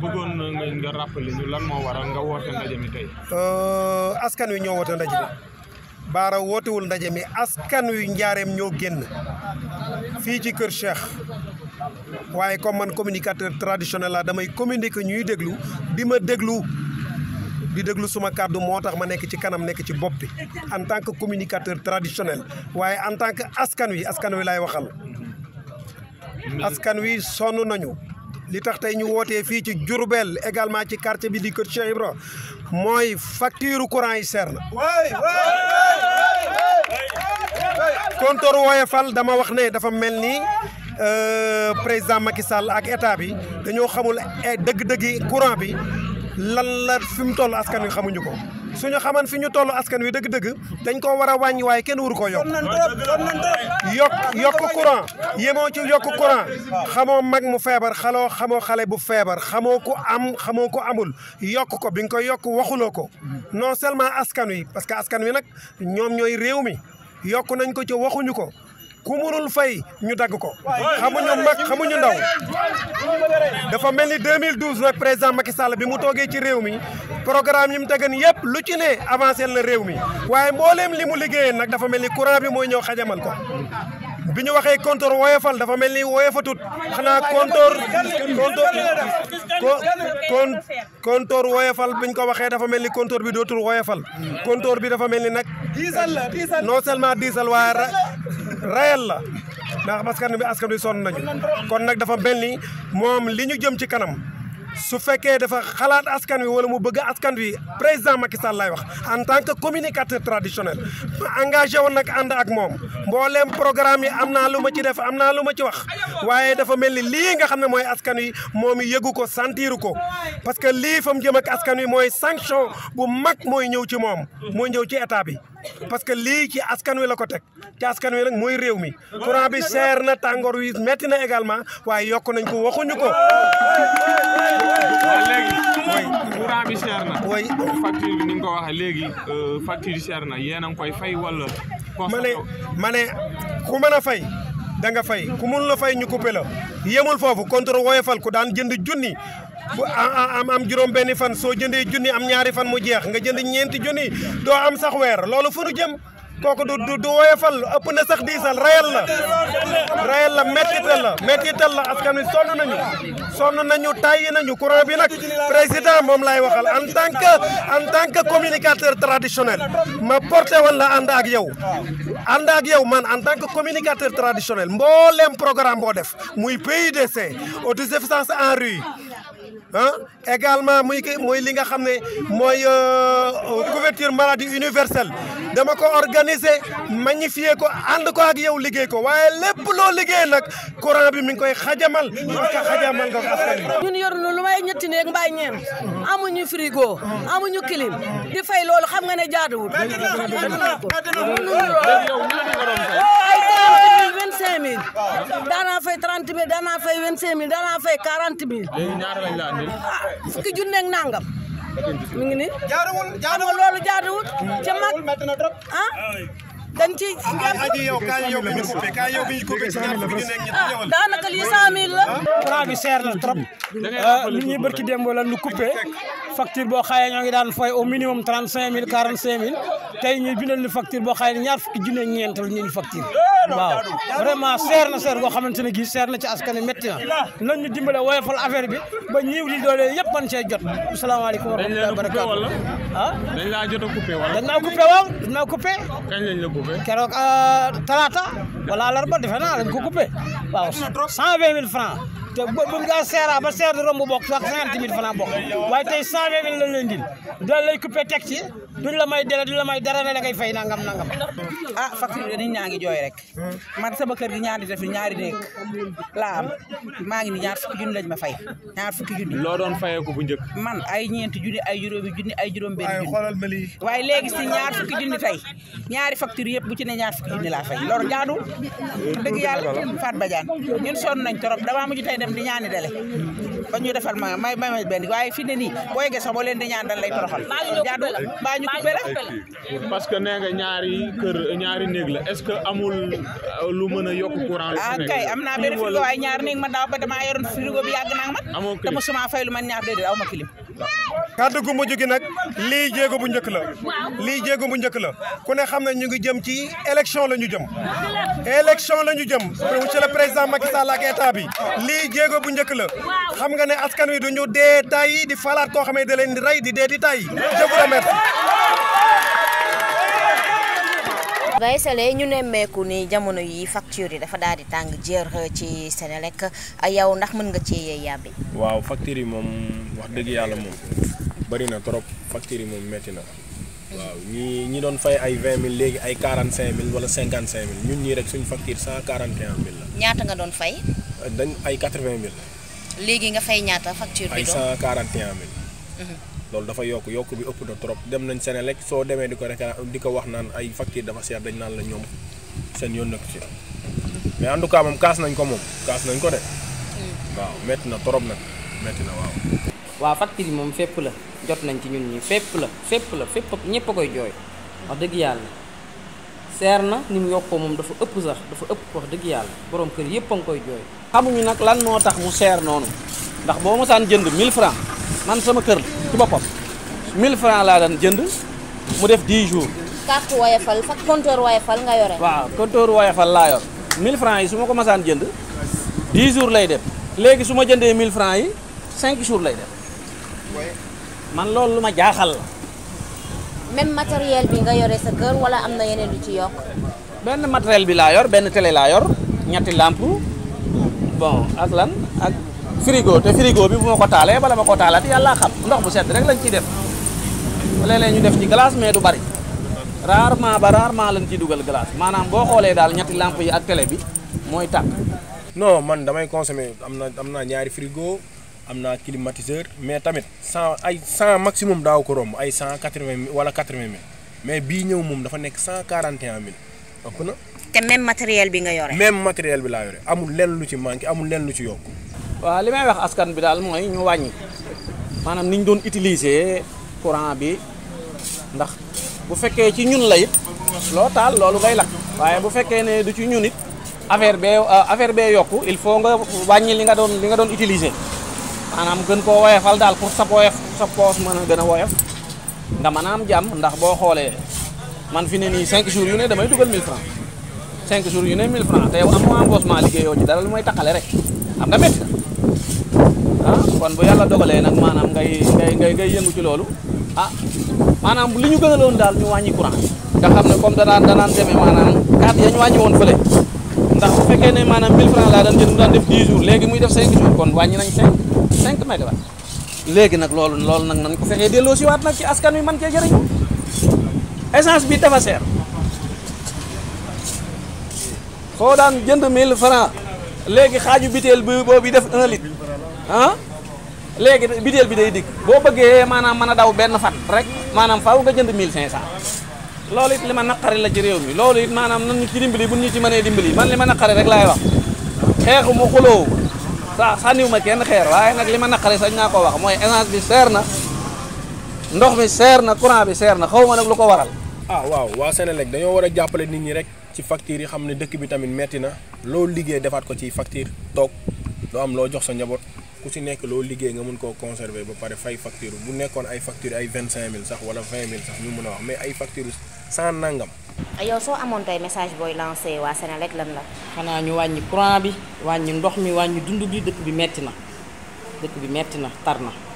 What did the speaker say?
bëggoon nga nga rappeler ñu lan moo waral nga woote ndaje mi tey. Euh, askan wi ñoo woote ndaje mi Baara wootewul ndaje mi askan wi njaareem ñoo génn fii ci kër Cheikh. waaye comme man communicateur traditionnel la damay communiquer ñuy déglu bi ma déglu di déglu suma kàddu moo tax ma nekk ci kanam nekk ci bopp bi en tant que communicateur traditionnel waaye en tant que askan wi askan wi laay waxal askan wi sonn nañu li tax tey ñu wootee fii ci Diourbel également ci quartier bi di kër Cheikh Ibra mooy facture courant yi seer na kontoor Woyofal dama wax ne dafa mel ni euh, président Macky Sall ak état bi dañoo xamul eh, dëgg-dëggi courant bi lan la fi mu toll askan wi xamuñu ko suñu xaman fi ñu toll askan wi dëgg-dëgg dañ koo war a wàññi waaye kenn waru koo yokk yokk yokk courant yemoo ci yokk courant xamoo mag mu feebar xaloo xamoo xale bu feebar xamoo ko am xamoo ko amul yokk ko bi nga koy yokk waxuloo ko non seulement askan wi parce que askan wi nag ñoom ñooy réew mi yokk nañ ko ci waxuñu ko ku mënul fay ñu dagg ko xamuñu mag xamuñu ndaw dafa mel ni 2012 nag président Macky Sall bi mu toogee ci réew mi programme yi mu tegan yëpp lu ci ne avancé na réew mi waaye mbooleem li mu liggéeyee nag dafa mel ni courant bi mooy ñëw xajamal ko bi ñu waxee compteur woyofal dafa mel ni woyofatut xanaa compteur compteur compteur woyofal bi ñu ko waxee dafa mel ni compteur bi dootul woyofal compteur bi dafa mel ni nag non seulement diisal waaye rayal la ndax askan bi askan bi sonn nañu kon nag dafa mel ni moom li ñu jëm ci kanam su fekkee dafa xalaat askan wi wala mu bëgg askan wi président Macky Sall lay wax en tant que communicateur traditionnel engagé woon nag ànd ak moom mbooleem programme yi am naa lu ma ci def am naa lu ma ci wax waaye dafa mel ni lii nga xam ne mooy askan wi moom yëgu ko sentiru ko parce que lii fa mu jëm ak askan wi mooy sanction bu mag mooy ñëw ci moom mooy ñëw ci état bi parce que lii ci askan wi la ko teg ci askan wi rek mooy réew mi courant bi seer na tàngoor wi metti na également waaye yokk nañ ko waxuñu ko. léegi courant bi seer na. oui facture bi ni nga ko waxee léegi euh, facture yi seer na yéen a koy fay wala. ma ne ma ne ku mën a fay danga fay ku mun la fay ñu coupé yéemul foofu contre woyofal ku daan jënd junni am am juróom benni fan soo jëndee junni am ñaari fan mu jeex nga jënd ñeenti junni doo am sax weer loolu fu nu jëm kooku du du du woyofal ëpp na sax diisal rayal la rayal la mettital la mettital la askan wi sonn nañu sonn nañu tàyyi nañu courant bi nag président moom laay waxal en tant en tant que communicateur traditionnel ma porté woon la ànd yow ànd ak yow man en tant que communicateur traditionnel mbooleem programme boo def muy PUDC autosuffisance en riz ah également muy mooy li nga xam ne mooy euh, couverture maladie universelle dama ko organiser magnifier ko ànd ko ak yow liggéey ko waaye lépp loo liggéey nag courant bi mi koy xajamal ma que xajamal nga askan ñun yorunu lu may ñetti néeg mbaay ñeen amuñu frigo amuñu clim di fay loolu xam nga ne jaaduwul daanaa fay 30 mille daanaa fay 25 mille daanaa fay 40 mille. léegi ñaata lañ la andil. ah fukki junneeg nangam. mi ngi ni jaaduwul jaaduwul loolu jaaduwul ca mag ah, ah dañ ci yow bi ñu coupé kaay yow bi ñu coupé ci ñaar fukki junni ah, ak lii cent mille ah. trop li ñuy bërki démb la ñu coupé facture boo xaye ñoo ngi daan fay au minimum trente cinq mille quarante cinq mille tey ñu bindal ñu facture boo xaye ñaar fukki junni ak ñeent la waaw vraiment seer na seer goo xamante ne gii seer na ci askan wi métti na nañ ñu dimbale woyofal affaire bi ba ñiiw li doole yëpp man cee jot asalaamaaleykum wa rahmatulah barakaatu ah? dañ laa jot a waaw dañ laa coupé keroog euh, talaata wala larba defe naa dañ ko coupé waaw cent vingt mille franc te bu nga seera ba seer di romb bokk sax cinquante mille franc bokk waaye tey cent vingt mille lañ leen di dañ lay coupé teg duñ la may dara duñ la may dara ne dangay fay nangam nangam. a ah, facture bi nit ñaa ngi jooy rek man sama kër gi ñaari def ñaari nekk laa am maa ngi ni ñaar fukki junni lañ ma fay ñaar fukki junni. loo doon fayee ko bu njëkk. man ay ñeenti junni ay juróomi junni ay juróom-benn junni. xoolal ma waaye léegi si ñaar fukki junni tey ñaari facture yëpp bu ci ne ñaar fukki junni laa fay loolu jaadu. dëgg yàlla Fatou Badiane ñun sonn nañ trop damaa mujj tey dem di ñaani dale ba ñu defal ma may may may benn waaye fi ne nii boo yeggee sax boo leen di ñaan dañ lay toroxal jaadu mbaa ñu coupé la parce que nee nga ñaari kër ñaari néeg la est-ce que amul euh, lu mën a yokk courant ah kay am naa benn frigo waaye ñaari néeg ma daaw ba damaa yoroon frigo bi yàgg naa man te mosuma fay lu man ñaar déedéet aw ma kilim kàddu gu mujj gi nag lii jéego bu njëkk la lii jéego bu njëkk la ku ne xam ne ñu ngi jëm ci élection la ñu jëm élection la ñu jëm monsieur le président Macky Sall ak état bi lii jéego bu njëkk la xam nga nga ne askan wi duñu dee tay di falaat koo xam ne da leen di rey di dee di tay je vous remercie. Baye Sélé ñu nemmeeku ni jamono yi facture yi dafa daal di tàng jër ci Senelec yow ndax mën nga ci yàbbi. waaw facture yi moom wax dëgg yàlla moom bari na trop facture yi moom metti na. waaw ñi doon fay ay vingt mille léegi ay quarante cinq mille wala cinquante cinq mille ñun ñii rek suñ facture cent quarante et mille ñaata nga doon fay. dañ ay quatre vingt mille. léegi nga fay ñaata facture ay doon ay 141 mille. Mhm. loolu dafa yokk yokk bi ëpp na trop dem nañ Senelec soo demee di ko rek di ko wax naan ay facture dafa seer dañ naan la ñoom seen yoon nekk ci mais en tout cas moom kaas nañ ko moom kaas nañ ko de. Mm. waaw métti na trop nag métti na waaw. waaw facture yi moom fépp la jot nañ ci ñun ñi fépp la fépp la fépp ñëpp a koy jooy wax dëgg yàlla seer na ni mu yokkoo moom dafa ëpp sax dafa ëpp wax dëgg yàlla borom kër yëpp a ngi koy jooy. xamuñu nag lan moo tax mu seer noonu ndax boo masaan jënd 1000 francs man sama kër ci boppam mille francs laa daan jënd mu def 10 jours. carte Woyofal fa compteur Woyofal nga yore. waaw compteur Woyofal laa yor 1000 francs yi su ma ko masaan jënd 10 jours lay def léegi su ma jëndee mille francs yi 5 jours lay def man loolu lu ma jaaxal la. même matériel bi nga yore sa kër wala am na yeneen lu ci yokk. benn matériel bi laa yor benn télé laa yor ñetti lampe. bon ak lan ak frigo te frigo bi bu ma ko taalee bala ma ko taalaat yàlla xam ndox bu sedd rek lañ ciy def léeg-léeg ñu def ci glace mais du bari rarement ba rarement lañ ciy dugal glace maanaam boo xoolee daal ñetti lamp yi ak télé bi mooy tàkk. non man damay consommer am na am naa ñaari frigo am naa climatiseur mais tamit cent ay cent maximum daaw ko romb ay cent quatre-vingt mille wala quatre-vingt mais bii ñëw moom dafa nekk cent quarante et un ëpp na. te même matériel bi nga yore. même matériel bi laa yore amul lenn lu ci manqué amul lenn lu ci yokk. waaw li may wax askan bi daal mooy ñu wàññi maanaam ni ñu doon utiliser courant bi ndax bu fekkee ci ñun la it loo taal loolu ngay lakk waaye bu fekkee ne du ci ñun it affaire be euh, affaire bee yokku il faut nga wàññi li nga doon li nga doon utiliser maanaam gën koo woyofal daal pour sa poos sa poos mën a gën a woyof nga mën a am jàmm ndax boo xoolee. man fi ne nii 5 jours yu ne damay dugal 1000 francs 5 jours yu ne 1000 francs te yow amoo engagement liggéeyoo ci dara lu may taqale rek am nga métti na ah kon bu yàlla dogalee nag maanaam ngay ngay ngay ngay yëngu ci loolu ah maanaam li ñu gënaloon daal ñu wàññi courant nga xam ne comme danaan danaan demee maanaam carte ya ñu wàññi woon fële ndax bu fekkee ne maanaam 1000 francs laa daan jënd mu daan def 10 jours léegi muy def 5 jours kon wàññi nañ 5 5 mégawatt léegi nag loolu loolu nag nañ ko siwaat nag ci askan wi man cee jëriñu essence bi dafa seer foo daan jënd 1000 francs léegi xaaju biteel bi boobu def 1 litre ah léegi biteel bi day dikk boo bëggee maanaam mën a daw benn fat rek maanaam faaw nga jënd 1500 loolu it li ma naqari la ci réew mi loolu it maanaam nan ñu ci dimbali bu ñu ci mënee dimbali man li ma naqari rek laay wax xeexu mu xuloo sa sànniwu ma kenn xeer waaye nag li ma naqari sañ naa ko wax mooy essence bi seer na ndox mi seer na courant bi seer na xaw ma nag lu ko waral ah waaw waa Sénélec dañoo war a jàppale nit ñi rek ci facture yi xam ne dëkk bi tamit metti na loo liggéey defaat ko ci facture toog loo am loo jox sa njaboot ku si nekk loo liggéey nga mun koo conserver ba pare fay facture bu nekkoon ay facture ay vingt cinq mille sax wala vingt mille sax ñu mën a wax mais ay facture sans nangam. Ah, yow soo amoon tey message booy lancé waa Sénélec lan la. xanaa ñu wàññi courant bi wàññi ndox mi wàññi dund bi dëkk bi metti na dëkk bi metti na tar na.